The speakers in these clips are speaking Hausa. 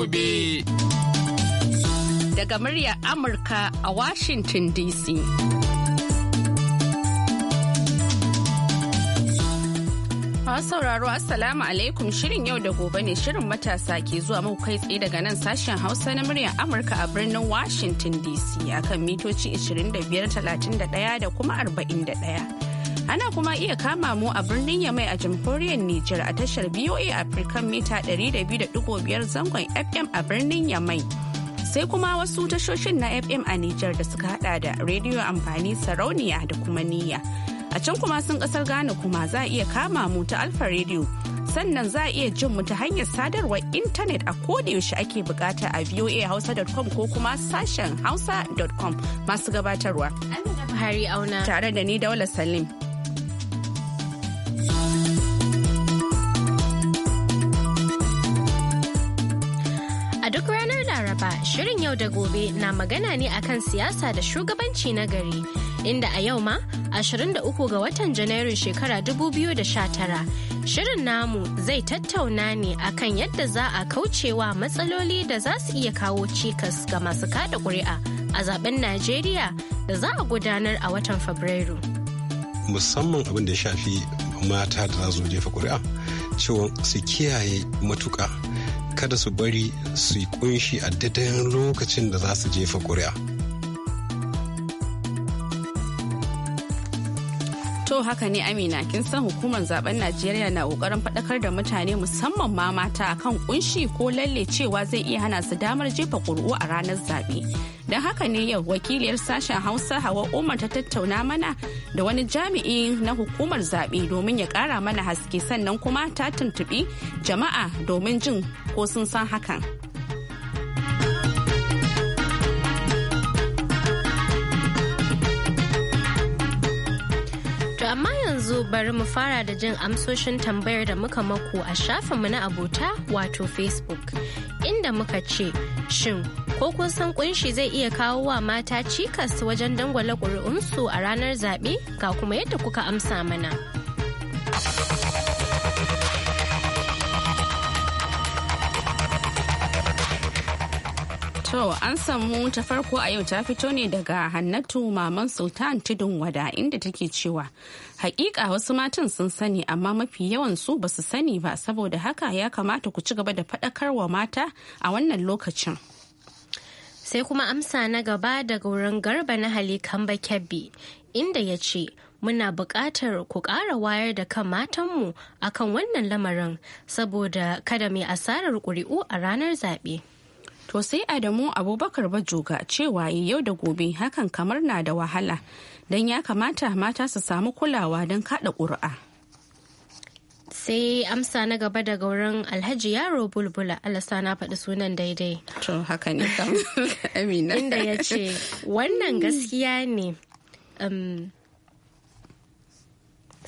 gobe. Daga muryar Amurka a Washington DC. sauraro Assalamu alaikum shirin yau da gobe ne shirin matasa ke zuwa muku kai tsaye daga nan sashen Hausa na muryar Amurka a birnin Washington DC akan mitoci 25, 31 da kuma 41. Ana kuma iya kama mu a birnin Yamai a jamhuriyar Nijar a tashar BOA African mita 200.5 zangon FM a birnin Yamai. Sai kuma wasu tashoshin na FM a Nijar da suka hada da rediyo amfani sarauniya da kuma niyya. A can kuma sun kasar Ghana kuma za a iya kama mu ta Alfa Radio. sannan za a iya jin mu ta hanyar sadarwar intanet a kodayaushe ake bukata a voahausa.com ko kuma sashen hausa.com masu gabatarwa. Amina Buhari auna. Tare da ni Daula Salim. Shirin yau da gobe na magana ne akan siyasa da shugabanci na gari, inda a yau ma 23 ga watan Janairun shekara 2019 shirin namu zai tattauna ne akan yadda za a kaucewa matsaloli da za su iya kawo cikas ga masu kada ƙuri'a a zaben Najeriya da za a gudanar a watan Fabrairu. Musamman abin da ya shafi mata da za su jefa ƙuri'a, cewa su kiyaye matuka. kada su bari su yi kunshi a daidai lokacin da za su jefa ƙuri'a To haka ne Amina kin san hukumar zaben Najeriya na kokarin faɗakar da mutane musamman ma mata kan kunshi ko lalle cewa zai iya hana su damar jefa ƙuri'u a ranar zaɓe. Don haka ne yau wakiliyar sashen Hausa Hawa Umar ta tattauna mana da wani jami'i na hukumar zaɓe domin ya ƙara mana haske sannan kuma ta tuntubi jama'a domin jin ko sun san hakan. amma yanzu bari mu fara da jin amsoshin tambayar da muka maku a shafinmu na abota wato Facebook inda muka ce shin ko kun san kunshi zai iya kawo wa mata cikas wajen dangwala ƙuri'unsu a ranar zaɓe ga kuma yadda kuka amsa mana. To an samu ta farko a yau ta fito ne daga Hannatu Maman Sultan Tudun Wada inda take cewa hakika wasu matan sun sani amma mafi yawan su ba su sani ba saboda haka ya kamata ku ci gaba da wa mata a wannan lokacin. Sai kuma amsa na gaba daga wurin garba na hali Kamba Kebbi inda ya ce muna buƙatar ku ƙara wayar da kan matanmu akan wannan lamarin saboda kada mai asarar ƙuri'u a ranar zaɓe. To sai Adamu Abubakar Bajoga cewa yau da gobe hakan kamar na da wahala don ya kamata mata su samu kulawa don kada ƙur'a sai amsa na gaba daga wurin alhaji yaro bulbula alasa na faɗi sunan daidai to haka ne kam amina inda ya ce wannan gaskiya ne um,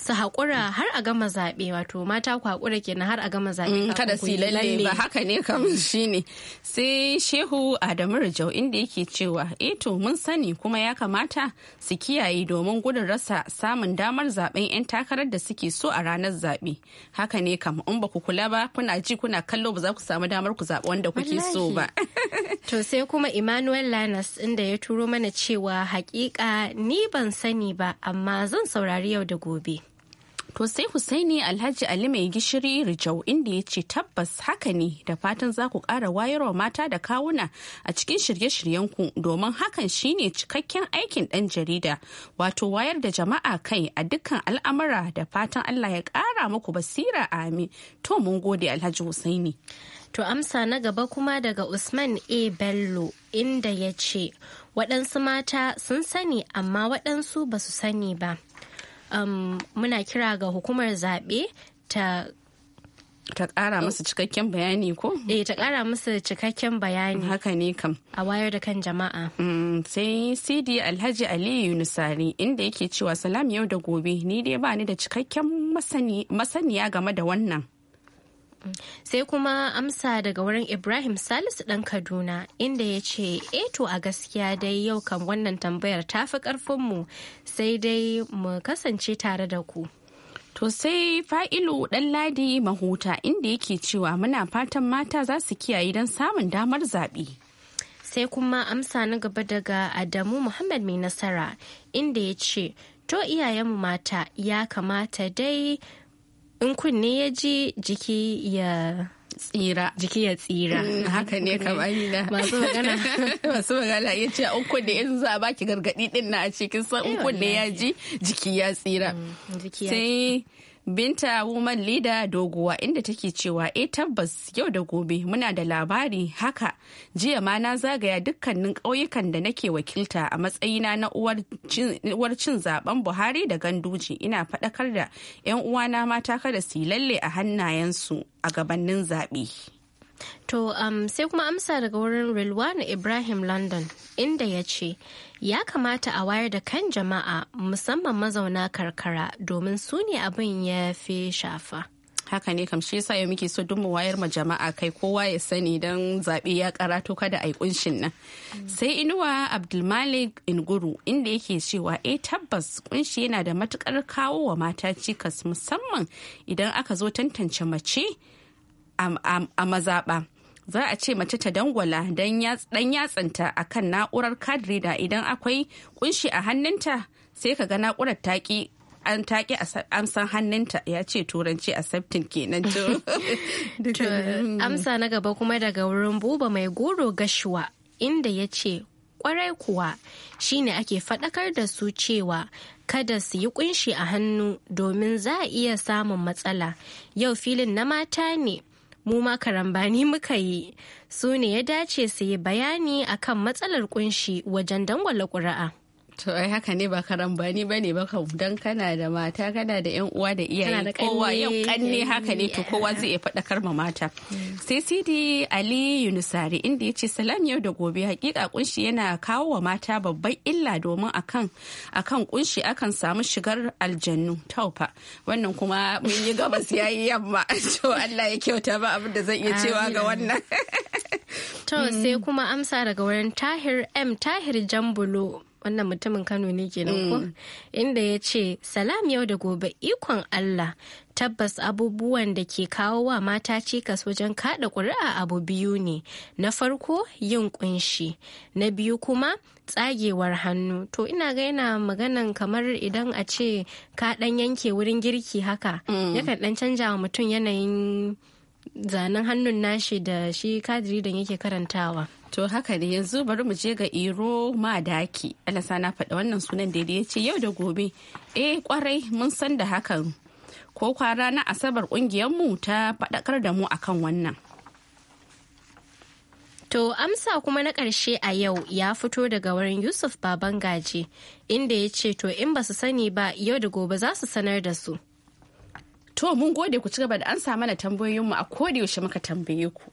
su haƙura har a gama zaɓe wato mata ku haƙura kenan har a gama zaɓe. Mm, kada su lalle ba haka ne kam shine sai shehu adamu rajau inda yake cewa eh to mun sani kuma ya kamata su kiyaye domin gudun rasa samun damar zaɓen 'yan takarar da suke so a ranar zaɓe haka ne kam in ba ku kula ba kuna ji kuna kallo ba za ku samu damar ku zaɓi wanda kuke so ba. to sai kuma emmanuel lanas inda ya turo mana cewa hakika ni ban sani ba amma zan saurari yau da gobe. To sai Husaini Alhaji Ali mai gishiri Rijau inda ya ce tabbas haka ne da fatan za ku ƙara wayarwa mata da kawuna a cikin shirye shiryen ku domin hakan shine cikakken aikin ɗan jarida wato wayar da jama'a kai a dukkan al'amura da fatan Allah ya ƙara muku basira amin. To mun gode Alhaji Husaini. To amsa na gaba kuma daga Usman A. Bello inda ya ce waɗansu mata sun sani amma waɗansu basu sani ba. um, muna kira ga hukumar zaɓe ta ta kara masa cikakken bayani ko? eh ta kara masa cikakken bayani haka ne kam a wayar da kan jama'a mm, sai cd alhaji ali yunusari inda yake cewa salam yau da gobe ni dai ba ni da cikakken masaniya game da wannan Sai kuma amsa daga wurin Ibrahim Salisu ɗan Kaduna inda ya ce, eh to a gaskiya dai yau kan wannan tambayar tafi mu sai dai mu kasance tare da ku. To sai fa'ilu ɗan ladi mahuta inda yake cewa muna fatan mata za su kiyaye don samun damar zaɓe. Sai kuma amsa na gaba daga Adamu Muhammad mai nasara inda ya ce, To iyayenmu mata ya kamata dai in kunne ya ji jiki ya tsira jiki ya tsira mm, haka ne kamar masu magana masu magana ya ce in kunne in za a baki gargadi din na a cikin san in eh, kunne ya ji jiki ya tsira mm, Binta Woman Leader Doguwa inda take cewa e tabbas yau da gobe muna da labari haka jiya ma na zagaya dukkanin ƙauyukan da nake wakilta a matsayina na uwar cin zaben Buhari da Ganduji ina faɗakar da 'yan uwana mata kada su yi lalle a hannayensu a gabanin zaɓe. To um, sai kuma amsa daga wurin Rilwana Ibrahim London inda ya ce, Ya kamata a wayar da kan jama'a musamman mazauna karkara domin su ne abin ya fi shafa. haka ne kam shi yasa yau muke so mu wayar ma jama'a kai kowa ya sani don zaɓe ya karato kada a yi kunshin nan sai inuwa abdulmalik inguru inda yake cewa eh tabbas kunshi yana da matukar kawo wa mata cikas musamman idan aka zo tantance mace a mazaɓa. za a ce mace ta dangwala dan yatsanta a kan na'urar card idan akwai kunshi a hannunta sai ka ga na'urar taƙi an taƙi amsan hannunta ya ce turanci a sabtin kenan to mm. amsa na gaba kuma daga wurin buba mai goro gashuwa inda ya ce kwarai kuwa shine ake faɗakar da su cewa kada su yi kunshi a hannu domin za a iya samun matsala yau filin na mata ne mu ma karambani muka yi su ne ya dace su yi bayani akan matsalar kunshi wajen dangwala ƙuri'a. to ai haka ne ba karambani bane ba kan dan kana da mata kana da yan uwa da iyaye kowa yau kanne eh, haka ne to eh. kowa zai iya faɗakar mata hmm. sai sidi ali yunusari inda ya ce salam yau da gobe hakika kunshi yana kawo wa mata babban illa domin akan akan kunshi akan samu shigar aljannu taufa wannan kuma mun yi gabas yayi yamma to Allah ya kyauta ba abin da zan iya cewa ga wannan to sai hmm. kuma amsa daga wurin tahir m tahir jambulo wannan mutumin Kano ne kenan ko mm. inda ya ce salam yau da gobe ikon Allah tabbas abubuwan da ke kawo wa mata cikas wajen kada ƙuri'a abu biyu ne na farko yin kunshi na biyu kuma tsagewar hannu to ina ga yana maganan kamar idan a ce ka dan yanke wurin girki haka mm. yakan dan canja wa mutum yanayin zanen hannun nashi da shi kadiri da yake karantawa. To haka ne yanzu bari mu je ga Iro Madaki. Alasa na faɗa wannan sunan da ya ce yau da gobe. Eh kwarai mun san da hakan. Ko kwara na asabar mu ta faɗakar da mu akan wannan. To amsa kuma na ƙarshe a yau ya fito daga wurin Yusuf babangaje inda ya ce to in ba su sani ba yau da gobe za su sanar da su. To mun gode ku ci gaba da ansa mana tambayoyinmu a koda yaushe muka tambaye ku.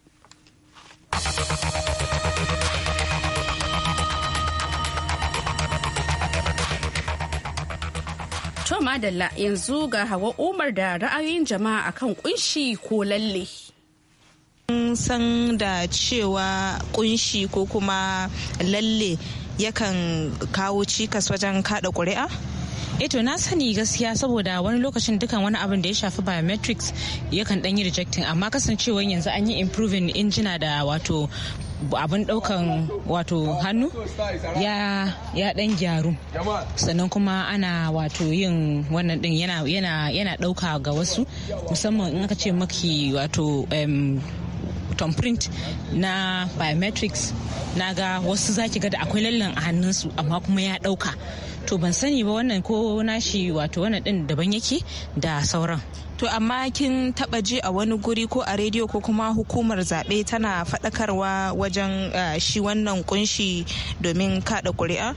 To madalla yanzu ga hawa umar da ra'ayoyin jama'a akan kunshi ko lalle. san da cewa kunshi ko kuma lalle yakan kawo cikas wajen kada ƙuri'a? eto na sani gaskiya saboda wani lokacin dukan wani abin da ya shafi biometrics yakan ɗan yi rejecting amma kasancewan yanzu an yi improving injina da wato abin daukan wato hannu ya ya dan gyaru sannan kuma ana wato yin wannan din yana yana dauka ga wasu musamman in aka ce maki wato um, thumbprint na biometrics na ga wasu zaki ga da akwai lallan a hannunsu amma kuma ya dauka to ban sani ba wannan ko nashi wato wannan din daban yake da sauran to amma kin taba ji a wani guri ko a rediyo ko kuma hukumar zaɓe tana faɗakarwa wajen shi wannan kunshi domin kaɗa ƙuri'a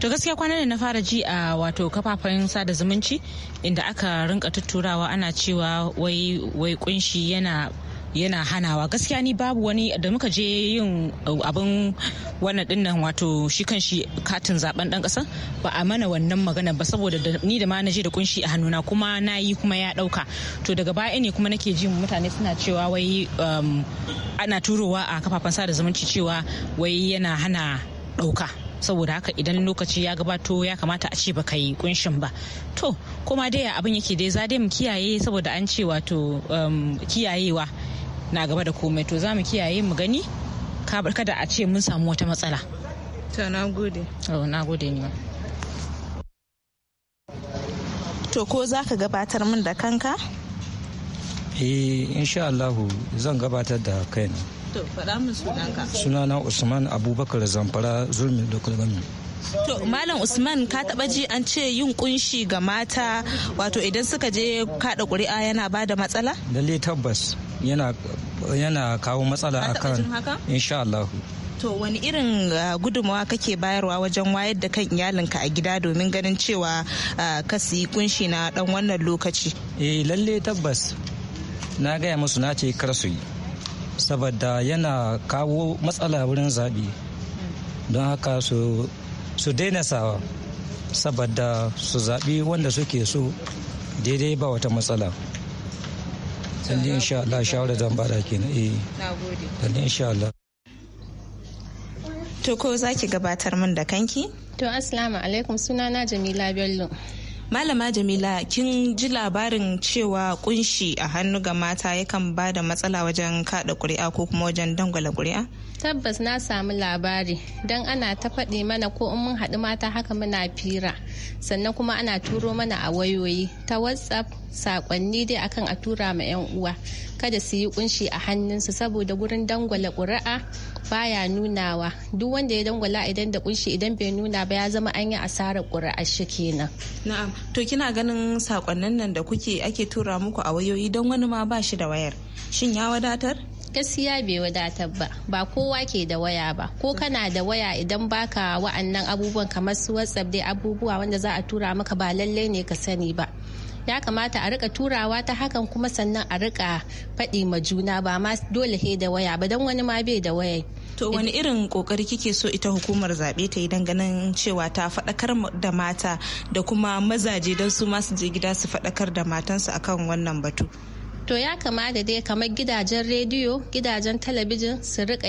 to gaskiya kwanan na fara ji a wato kafafen sada zumunci inda aka rinka tutturawa ana cewa wai wai kunshi yana yana hanawa gaskiya ni babu wani da muka je yin uh, abin wannan dinnan wato shi kan shi katin zaben dan kasa ba a mana wannan magana ba saboda ni da ma na je da kunshi a hannuna kuma na yi kuma ya dauka to daga baya ne kuma nake jin mutane suna cewa wai um, ana turowa a kafafen sada zumunci cewa wai yana hana dauka saboda haka idan lokaci ya gabato ya kamata a ce ba ka yi kunshin ba to kuma dai abin yake dai za dai mu kiyaye saboda an ce wato um, kiyayewa na gaba da komai to za mu kiyaye mu gani kada a ce mun samu wata matsala to na gode oh, na gode ne to ko za ka gabatar min da kanka eh insha Allah zan gabatar da kaina to faɗa min sunanka sunana Usman Abubakar Zamfara Zulmi Local To Malam Usman ka taba ji an ce yin kunshi ga mata wato idan suka je kada ƙuri'a yana ba da matsala? Lalle tabbas yana kawo matsala a kan insha Allah. To wani irin uh, gudunmawa kake bayarwa wajen wayar da kan iyalinka a gida domin ganin cewa uh, ka yi kunshi na dan wannan lokaci? Eh lalle tabbas na gaya musu na ce kar su yi saboda yana kawo matsala wurin zaɓe don haka su su daina sawa saboda su zaɓi wanda suke so daidai ba wata matsala sannan insha Allah shawarar zan bada kenan eh sannan insha Allah to ko zaki gabatar min da kanki to assalamu alaikum sunana Jamila Bello Malama Jamila kin ji labarin cewa kunshi a hannu ga mata yakan ba da matsala wajen kada ƙuri'a ko kuma wajen dangwala kuri'a? tabbas na samu labari don ana ta faɗi mana ko in mun haɗu mata haka muna fira sannan kuma ana turo mana a wayoyi ta whatsapp sakonni dai akan a tura ma 'yan uwa kada su yi kunshi a hannunsu saboda gurin dangwala ƙuri'a baya nunawa duk wanda ya dangwala idan da kunshi idan bai nuna ba ya zama an yi asarar ƙuri'a shi kenan na'am to kina ganin sakonnin nan da kuke ake tura muku a wayoyi don wani ma ba shi da wayar shin ya wadatar gaskiya bai wadatar ba ba kowa ke da waya ba ko kana da waya idan baka wa'annan abubuwan kamar su whatsapp dai abubuwa wanda za a tura maka ba lallai ne ka sani ba ya kamata a rika turawa ta hakan kuma sannan a rika faɗi ma juna ba ma dole he da waya ba don wani ma bai da waya to wani eh, irin kokari kike so ita hukumar zaɓe ta yi don cewa ta faɗakar da mata da kuma mazaje don su masu je gida su faɗakar da matansu akan wannan batu to ya kamata dai kamar gidajen rediyo gidajen talabijin su rika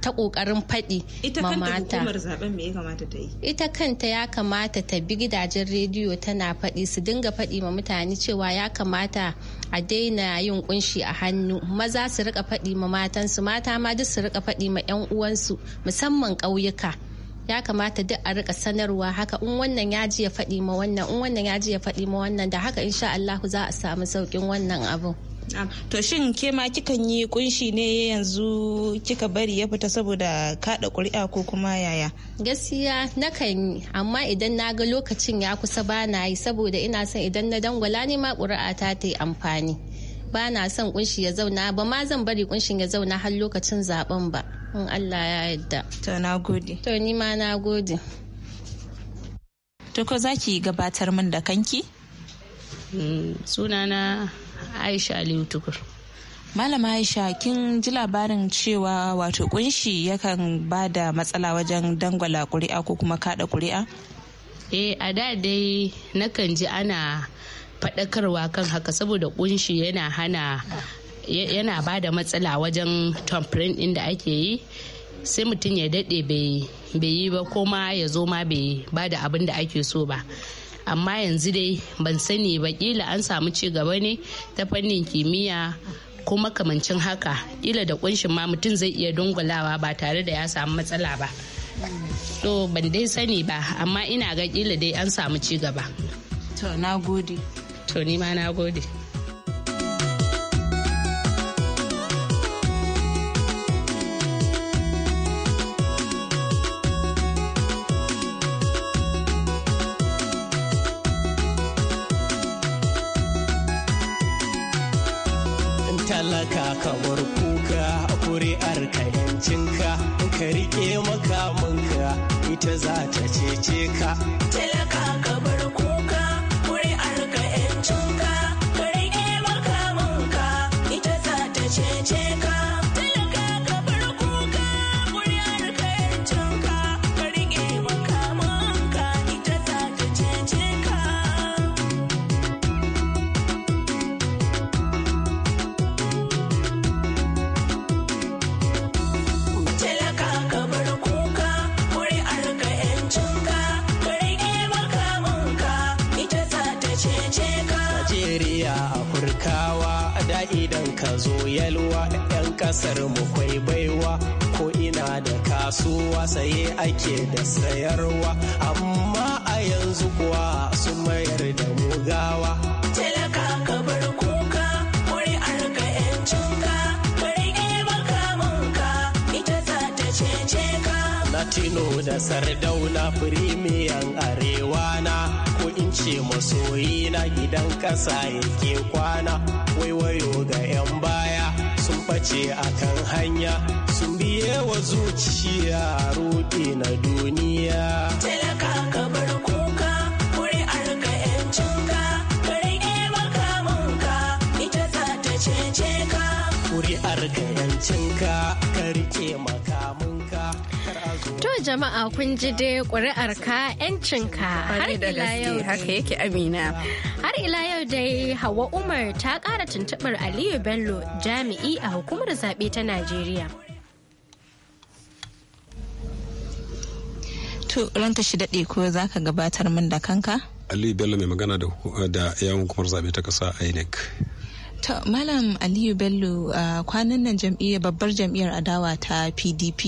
ta kokarin faɗi ma mata ita kanta ya kamata ta bi gidajen rediyo tana faɗi su dinga faɗi ma mutane cewa ya kamata a daina yin ƙunshi a hannu maza su rika faɗi ma matansu mata ma duk su rika faɗi ma 'yan uwansu musamman ƙauyuka ya kamata duk a rika sanarwa haka in wannan ya ji ya faɗi ma wannan in wannan ya ji ya faɗi ma wannan da haka insha Allah za a samu saukin wannan abu. to shin ke ma kikan yi kunshi ne yanzu kika bari ya fita saboda kada ƙuri'a ko kuma yaya gaskiya nakan yi amma idan na ga lokacin ya kusa ba na yi saboda ina son idan na dangwala ne ma ƙuri'a ta ta yi amfani ba na son kunshi ya zauna ba ma zan bari kunshin ya zauna har lokacin zaben ba in Allah ya yarda to na gode to ni ma na gode to ko zaki gabatar min da kanki hmm, sunana Aisha Aliyu Tukur Malama Aisha kin ji labarin cewa wato kunshi yakan ba da matsala wajen dangwala kuri'a ko kuma kada kuri'a? Eh a da dai nakan ji ana faɗakarwa kan haka saboda kunshi yana hana yana ba da matsala wajen tamfirin ɗin da ake yi sai mutum ya daɗe bai yi ba ko ma ya zo ma bai ba da abin da ake so ba amma yanzu dai ban sani ba ƙila an samu cigaba gaba ne ta fannin kimiyya ko makamancin haka ƙila da kunshin ma mutum zai iya dungulawa ba tare da ya samu matsala ba to ban dai sani ba amma ina ga kila dai an samu cigaba. gaba gode to ni ma na gode idan ka zo yalwa 'yan kasar mu kwai baiwa ko ina da kasuwa saye ake da sayarwa amma a yanzu kuwa sun mayar da mugawa. Talaka ka bar kuka wuri arka 'yancinka ita za ta da sardauna firimiyan arewana in ce masoyi na gidan ƙasa yake kwana waiwayo ga 'yan baya sun ɓace a kan hanya sun biye wa zuciya roɗe na duniya talaka ka bar kuka ƙuri'ar ka ka rage makamanka ita za ta cece ka ƙuri'ar ka ka rike makamanka To jama'a kun ji dai ƙuri'ar ka har ila yau. Haka yake Amina. Har ila yau dai Hawa Umar ta ƙara tuntuɓar Aliyu Bello jami'i a hukumar zaɓe ta Najeriya. To ranta shi daɗe ko za ka gabatar min da kanka? Aliyu Bello mai magana da yawon hukumar zaɓe ta ƙasa INEC. ta malam aliyu bello kwanan nan jam'iyyar babbar jam'iyyar adawa ta pdp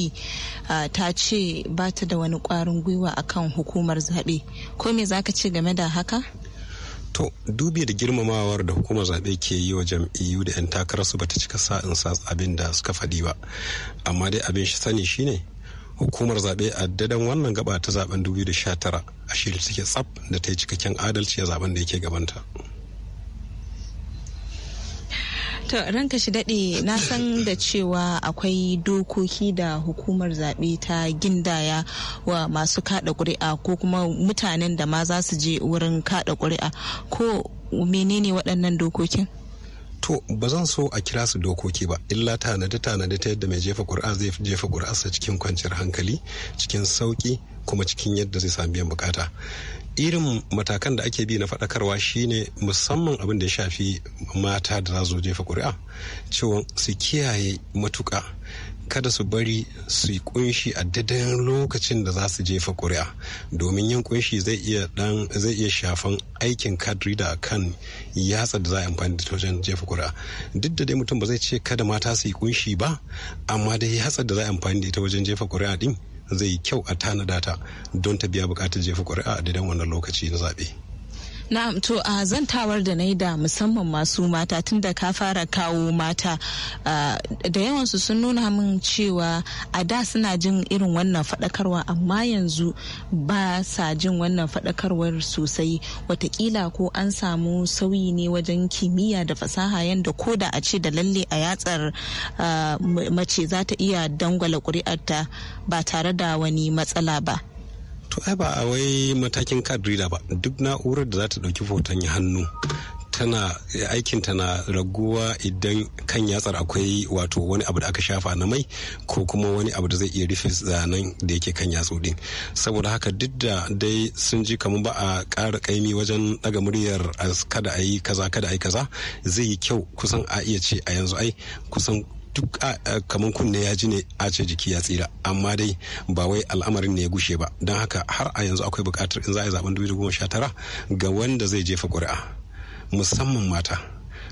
ta ce ba ta da wani kwarin gwiwa akan hukumar zaɓe ko me za ka ce game da haka to dubi da girmamawar da hukumar zaɓe ke yi wa jam'iyyu da 'yan takararsu ba ta cika sa'in sa abin da suka faɗi ba amma dai abin shi sani shine hukumar zaɓe a dadan wannan gaba ta zaben 2019 a shirin suke tsaf da ta yi cikakken adalci a zaben da yake gabanta. To ranka shi daɗe na san da cewa akwai dokoki da hukumar zaɓe ta gindaya wa masu kaɗa kuri'a ko kuma mutanen da ma za su je wurin kaɗa kuri'a ko menene waɗannan dokokin? to ba zan so a kira su dokoki ba illa tanadi tanadi ta yadda mai jefa ƙuri'a zai jefa ƙuri'arsa cikin kwanciyar hankali cikin sauki kuma cikin yadda zai sami biyan bukata irin matakan da ake bi na faɗakarwa shine musamman abin da ya shafi mata da zazo jefa ƙuri'a cewa su kiyaye matuka kada su bari su yi kunshi a daidai lokacin da za su jefa kuri'a domin yin kunshi zai iya dan zai iya shafan aikin kadri da kan yatsa da za a amfani da wajen jefa kuri'a duk da dai mutum ba zai ce kada mata su yi kunshi ba amma dai yatsa da za a amfani da ita wajen jefa kuri'a din zai yi kyau a tanada ta don ta biya bukatar jefa ƙuri'a a daidan wannan lokaci na zaɓe. Na'am to a zantawar da na yi da musamman masu mata tunda ka fara kawo mata da yawansu sun nuna min cewa a da suna jin irin wannan faɗakarwa amma yanzu ba sa jin wannan faɗakarwar sosai watakila ko an samu sauyi ne wajen kimiyya da fasaha yadda ko da a ce da lalle a yatsar mace za ta iya dangwala ƙuri'arta ba tare da wani matsala ba. to ai ba a wai matakin card ba duk na'urar da za ta ɗauki hoton hannu tana aikin tana raguwa idan kan yatsar akwai wato wani abu da aka shafa na mai ko kuma wani abu da zai iya rufe zanen da yake kan yatsu din saboda haka duk da dai sun ji kamar ba a ƙara kaimi wajen ɗaga muryar kada a yi kaza kada a yi kaza zai yi kyau kusan a iya ce a yanzu ai kusan duk kamar kunne ya ji ne a ce jiki ya tsira amma dai ba wai al'amarin ne ya gushe ba don haka har a yanzu akwai buƙatar in za a yi zaben 2019 ga wanda zai jefa ƙuri'a musamman mata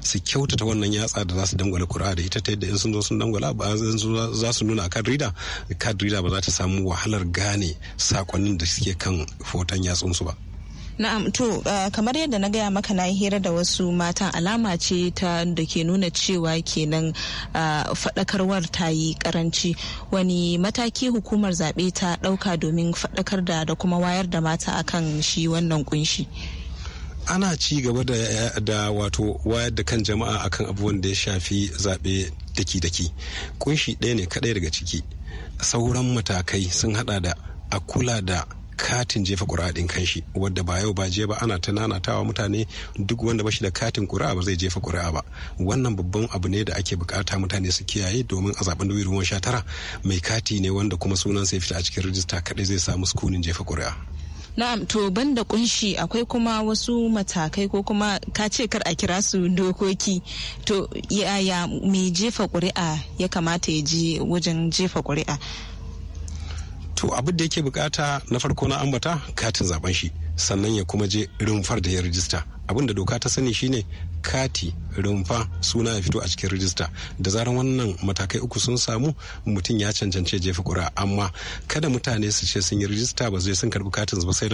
su kyautata wannan yatsa da za su dangwala kuri'a da ita ta yadda in sun zo sun dangwala ba za su nuna kan rida kan rida ba za ta samu wahalar gane sakonnin da suke kan foton yatsunsu ba Na'am to uh, kamar yadda na gaya maka na hira da wasu mata alama ce ta da ke nuna cewa kenan uh, faɗakarwar ta yi karanci wani mataki hukumar zaɓe ta ɗauka domin faɗakar da da kuma wayar da mata akan shi wannan kunshi. ana ci gaba da, wato wayar da kan jama'a akan abubuwan da ya shafi zaɓe daki-daki kunshi ɗaya ne kaɗai daga ciki sauran matakai sun hada da a kula da katin jefa ƙuri'a ɗin kanshi wadda ba yau ba je ba ana ta nanatawa mutane duk wanda ba shi da katin kuri'a ba zai jefa kuri'a ba wannan babban abu ne da ake bukata mutane su kiyaye domin a zaben dubu sha tara mai kati ne wanda kuma sunan sai fita a cikin rijista kaɗai zai samu sukunin jefa kuri'a. Na'am to banda kunshi akwai kuma wasu matakai ko kuma ka ce kar a kira su dokoki to yaya mai jefa ƙuri'a ya kamata ya je wajen jefa kuri'a. to abin da yake bukata na farko na ambata katin zaben shi sannan ya kuma je rumfar da ya rijista abin da doka ta sani shine kati rumfa suna ya fito a cikin rijista da zaran wannan matakai uku sun samu mutum ya cancance jefa kura amma kada mutane su ce sun yi rijista ba zai sun karbi katin ba sai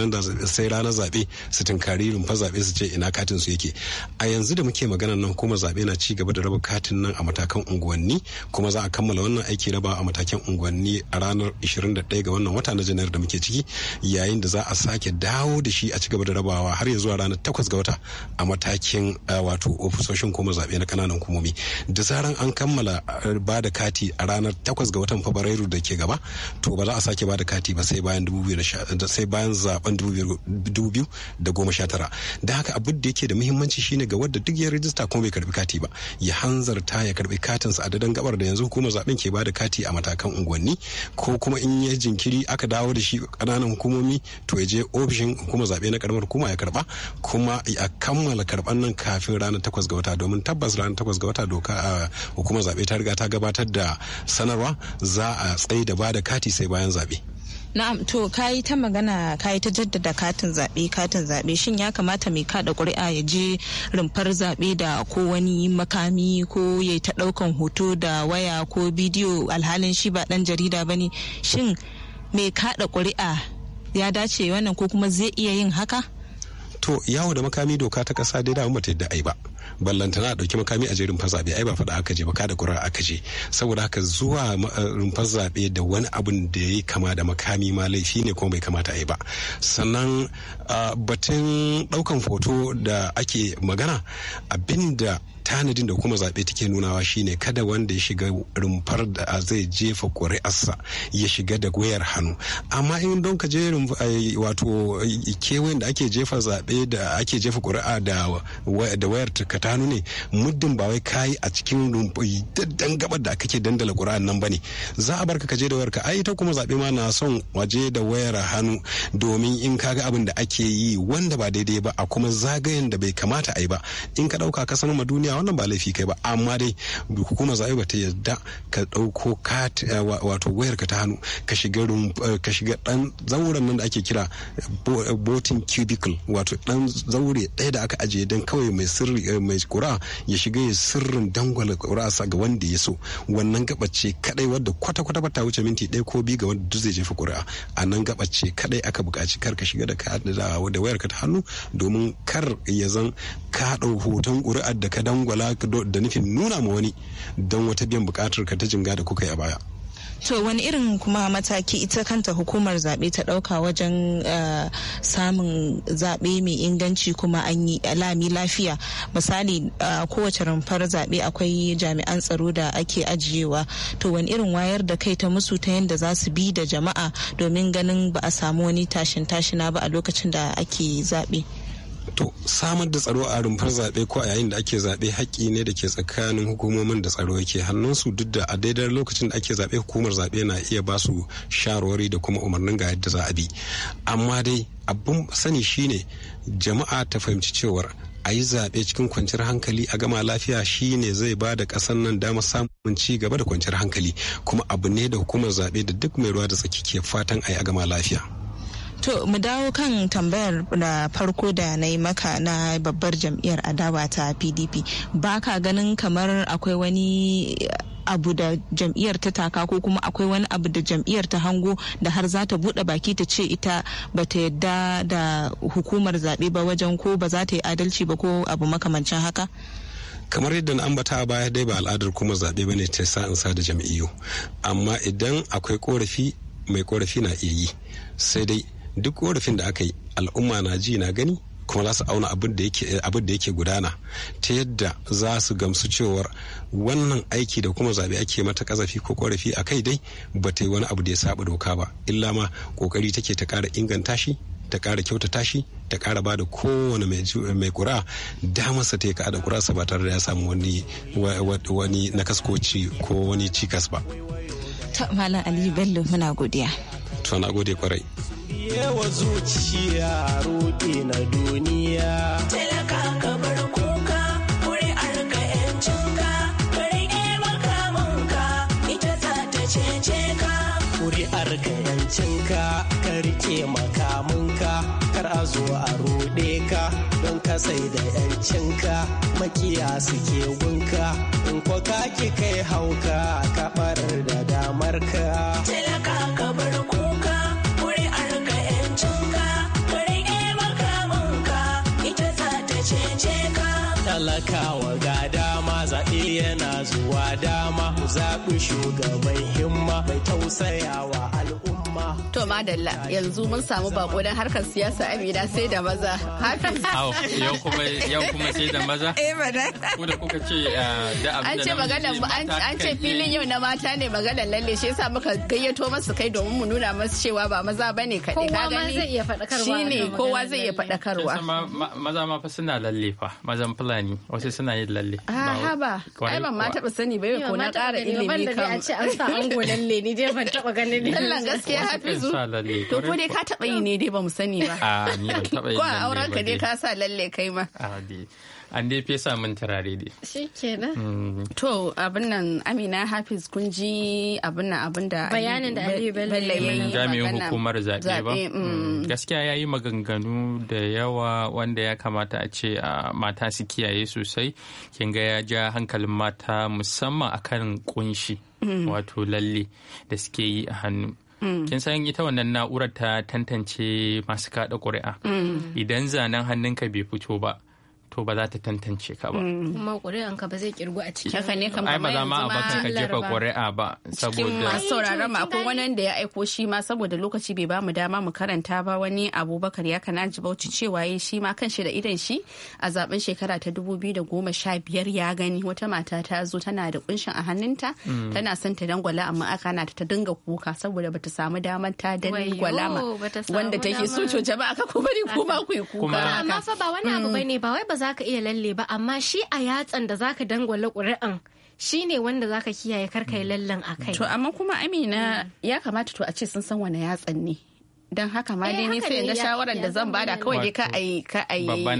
ranar zaɓe su tunkari rumfa zaɓe su ce ina katin su yake a yanzu da muke magana nan kuma zaɓe na ci gaba da raba katin nan a matakan unguwanni kuma za a kammala wannan aiki raba a matakan unguwanni a ranar 21 ga wannan wata na janairu da muke ciki yayin da za a sake dawo da shi a ci gaba da rabawa har ya zuwa ranar 8 ga wata a matakin wato ofisoshin kuma zaɓe na kananan hukumomi da zaran an kammala eh, ba da kati a ranar 8 ga watan fabrairu da ke gaba to ba za a sake ba da kati ba sai bayan sai bayan zaben 2019 da haka abin da yake da muhimmanci shine ga wadda duk ya rijista kuma bai karbi kati ba ya hanzarta ya karbi katinsa a dadan gabar da yanzu hukumar zaben ke ba da kati a matakan unguwanni ko kuma in ya jinkiri aka dawo da shi kananan hukumomi to ya je ofishin hukumar zaɓe na karamar hukuma ya karba kuma a kammala karban nan kafin ranar takwas ga wata domin tabbas ranar takwas ga wata doka a hukumar zaɓe ta riga ta gabatar da sanarwa za a tsaye da bada kati sai bayan zaɓe. Na'am to kayi ta magana kayi ta jaddada katin zaɓe katin zaɓe shin ya kamata mai kada ƙuri'a ya je rumfar zaɓe da ko wani makami ko ya ta ɗaukan hoto da waya ko bidiyo alhalin shi ba ɗan jarida ba ne shin mai kada ƙuri'a ya dace wannan ko kuma zai iya yin haka? to yawo da makami doka ta kasa dai da ta yadda ai ba ballantana a dauki makami a je rumfar zaɓe ai ba faɗa aka je ba da kura aka je saboda haka zuwa eh, rumfar zaɓe da wani abun da ya kama da makami ma laifi ne ko bai kamata ai ba sannan ah, batun ɗaukan foto da ake magana abinda tanadin da kuma zaɓe take nunawa shine kada wanda ya shiga rumfar da zai jefa ƙuri'arsa ya shiga da wayar hannu amma in don ka je wato kewayen da ake jefa zaɓe da ake jefa ƙuri'a da wayar ka ta ne muddin ba wai kayi a cikin daddan gabar da kake dandala ƙuri'ar nan bane za a barka ka je da wayar ka ai ta kuma zaɓe ma na son waje da wayar hannu domin in ka ga abin da ake yi wanda ba daidai ba a kuma zagayen da bai kamata a yi ba in ka ɗauka ka sanar ma duniya wannan ba laifi kai ba amma dai hukumar zaɓe ba ta yarda ka ɗauko eh, wato wayar ka ta hannu eh, ka shiga ɗan zauren nan da ake kira botin eh, cubicle wato ɗan zaure ɗaya da aka ajiye don kawai mai sirri mai kura ya shiga ya sirrin dangwala sa ga wanda ya so wannan gabace kadai wadda kwata-kwata ba ta wuce minti ɗaya ko biyu ga wanda duk zai jefa kura a nan gabace kadai aka buƙaci kar ka shiga da ka da wayar ka ta hannu domin kar ya zan ka ɗau hoton ƙuri'ar da ka dangwala dangwala da nufin nuna ma wani don wata biyan bukatar ka ta jinga da kuka yi a baya to wani irin kuma mataki ita kanta hukumar zaɓe ta ɗauka wajen eh, samun zaɓe mai inganci kuma an yi alami lafiya misali eh, kowace rumfar zaɓe akwai jami'an tsaro da ake ajiyewa to wani irin wayar da kai ta musu ta yadda za su bi da jama'a domin ganin ba a samu wani tashin tashina ba a lokacin da ake zaɓe to samar da tsaro a rumfar zaɓe ko a yayin da ake zaɓe haƙƙi ne da ke tsakanin hukumomin da tsaro yake hannunsu duk da a daidai lokacin da ake zaɓe hukumar zaɓe na iya ba su shawarwari da kuma umarnin ga yadda za a bi amma dai abin sani shine jama'a ta fahimci cewar a yi zaɓe cikin kwanciyar hankali a gama lafiya shine zai ba da ƙasar nan damar samun ci gaba da kwanciyar hankali kuma abu ne da hukumar zaɓe da duk mai ruwa da tsaki ke fatan a yi a gama lafiya. To mu dawo kan tambayar da farko da na yi maka na babbar jam'iyyar adawa ta PDP. Ba ka ganin kamar akwai wani abu da jam'iyyar ta taka ko kuma akwai wani abu da jam'iyyar ta hango da har za ta buɗe baki ta ce ita ba ta yadda da hukumar zaɓe ba wajen ko ba za ta yi adalci ba ko abu makamancin haka? kamar yadda na ambata a baya dai ba al'adar kuma zaɓe bane ta sa in sa da jam'iyyu amma idan akwai korafi mai korafi na iya yi sai dai duk korafin da aka yi al'umma na ji na gani kuma za su auna abin da yake gudana ta yadda za su gamsu cewar wannan aiki da kuma zabe ake mata kazafi ko korafi a kai dai ba ta yi wani abu da ya saba doka ba illa ma kokari take ta kara inganta shi ta kara kyautata shi ta kara ba da kowane mai kura damarsa ta yi kada kura ba tare da ya samu wani nakaskoci ko wani cikas ba. Malam Ali Bello muna godiya. To na gode kwarai. wa zuciya rudi na duniya talaka ka bar kuka kuri'ar ka yancinka bari ita za ta cece ka kuri'ar ka yancinka ka rike makamunka kar a zo a ruɗe ka don ka sai da yancinka makiya suke gunka in kwa ka ki kai hauka ka barar da ka. talaka ka bar kuka cece ka talakawa ga dama zaɓe yana zuwa dama zaɓi shugaban himma mai tausayawa al'umma To madalla yanzu mun samu bako don harkar siyasa Amina sai da maza. yau kuma yau kuma sai da maza. Eh bada. Ku da kuka ce eh, da abin An ce magana an ce filin yau na mata ne magana lalle shi yasa muka gayyato masu kai domin mu nuna masu cewa ba maza bane kaɗai. Kowa ma zai iya faɗakarwa. Shine kowa zai iya faɗakarwa. Maza ma fa suna lalle fa mazan Fulani wasu suna yin lalle. Ha ah, ba. Ai ban ma taɓa sani ba yau ko na ƙara ilimi kam. ban da a ce an sa ango lalle ni dai ban taɓa ganin. Lallan gaskiya hafizu to ko dai ka taɓa yi ne dai ba mu sani ba a ni ban taɓa yi ko a auren ka dai ka sa lalle kai ma a dai an dai fesa min turare dai shikenan mm. to abin nan Amina Hafiz kun ji abin nan abin da bayanin da Aliyu Bello yi. jami'in hukumar zabe ba mm. Mm. gaskiya yayi maganganu da yawa wanda ya kamata a ce mata su kiyaye sosai kin ga ya ja hankalin mata musamman akan kunshi wato lalle da suke yi a hannu Mm. kin san ita wannan na'urar ta tantance masu kaɗa ƙuri'a mm. idan zanen hannunka bai fito ba to ba za ta tantance ka ba. Kuma mm. ƙuri'an ka ba zai kirgu a cikin haka ne kamar ba za ma a baka ka jefa ƙuri'a ba cikin masu eh, sauraron ma akwai wani da ya aiko shi ma saboda lokaci bai ba mu dama mu karanta ba wani Abubakar ya kana ji Bauchi cewa ya shi ma kan shi da idan shi a zaben shekara ta dubu biyu da goma sha biyar ya gani wata mata ta zo tana da kunshin a hannunta mm. tana son ta dangwala amma aka na ta dinga kuka saboda bata samu damar ta dangwala ma wanda take so to jama'a ka ku bari ku ba ku yi kuka amma fa ba wani abu mm. bane ba wai ba za za ka iya lalle ba amma shi a yatsan da za ka dangwala ƙuri'an shi ne wanda za ka kiyaye karka yi lallen a kai. To amma kuma Amina ya kamata to a ce sun san wani yatsan ne. don haka ma dai eh, ni sai in ga shawarar da zan bada kawai dai ka ai ka ai babban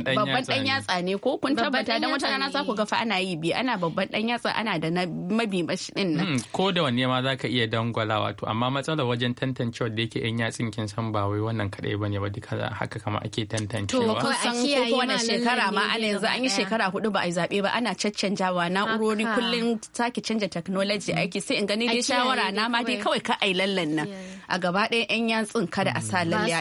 dan yatsa ne ko kun tabbata dan wata rana za ku ga fa ana yi bi ana babban dan yatsa ana da na mabi mashi din nan hmm, ko da wanne ma za iya dangwala wato amma matsalar wajen tantancewa da yake yan yatsin kin san ba wai wannan kadai bane ba duka haka kama ake tantancewa to ko san ko shekara ma ana yanzu an yi shekara hudu ba a zabe ba ana caccanjawa na'urori kullun sake canja technology hmm. aiki sai in gani dai shawara na ma dai kawai ka ayi lallan nan a gaba ɗaya yan yatsin kada a sa lalle ya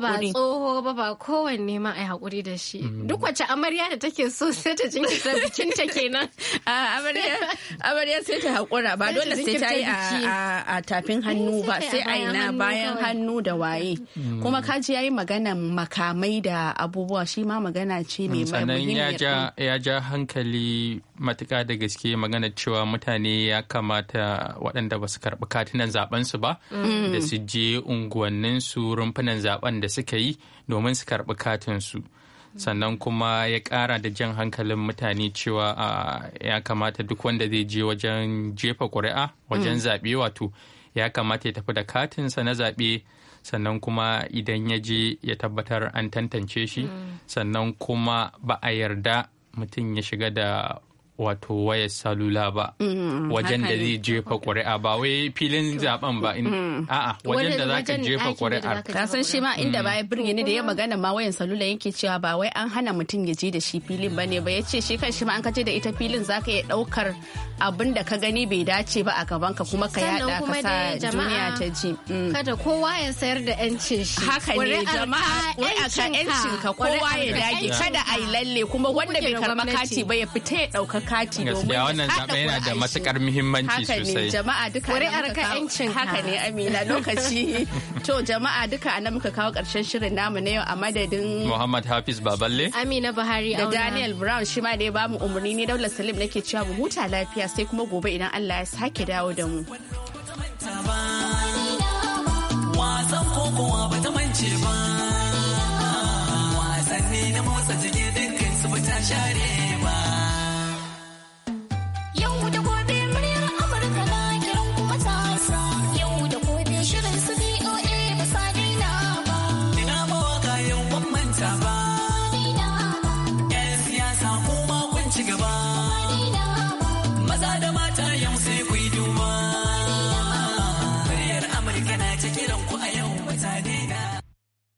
ba tsoho ba ba kowanne ma ai hakuri da shi mm. duk wacce amarya da take so sai ta jinkirta bikin ta kenan amarya amarya sai ta hakura ba dole sai ta yi a tafin eh, hannu ba sai a ina bayan hannu da waye mm. kuma kaji yayi magana makamai da abubuwa shi ma magana ce mai mm, muhimmanci ya ja hankali matuka da gaske magana cewa mutane ya kamata waɗanda ba su karɓi katinan zaben su ba mm. da su je unguwannin su rumfunan zaben da suka yi domin su karɓi katin su sannan kuma ya ƙara da jan hankalin mutane cewa ya kamata duk wanda zai je wajen jefa ƙuri'a wajen mm. zaɓe wato ya kamata ya tafi da katinsa na zaɓe sannan kuma idan ya je ya tabbatar an tantance shi mm. sannan kuma ba a yarda mutum ya shiga da wato wayar salula ba mm-hmm, mm-hmm, wajen da zai jefa ƙuri'a ba wai filin zaben ba mm-hmm. a'a wajen da zaka jefa ƙuri'a ka san shi ma inda ba ya birge ni da ya magana ma wayan salula yake cewa ba wai an hana mutum ya je da shi filin bane ba yace shi kan shi ma an kace da ita filin zaka iya daukar abin da ka gani bai dace ba a gaban ka kuma ka yada ka sa duniya ta ji mm. kada kowa ya sayar da yancin shi haka ne jama'a wai aka yancin ka kowa ya dage kada ai lalle kuma wanda bai karba kati ba ya fita ya dauka kati domin wannan zaɓe yana da matukar muhimmanci sosai jama'a duka a ka yancin haka ne amina lokaci to jama'a duka anan muka kawo ƙarshen shirin namu na yau a madadin Muhammad Hafiz Baballe Amina Buhari da Daniel Brown shi ma da ya bamu umarni ne Daula Salim nake cewa mu huta lafiya sai kuma gobe idan Allah ya sake dawo da mu wasan kokowa ba ta mance ba wasanni na motsa su share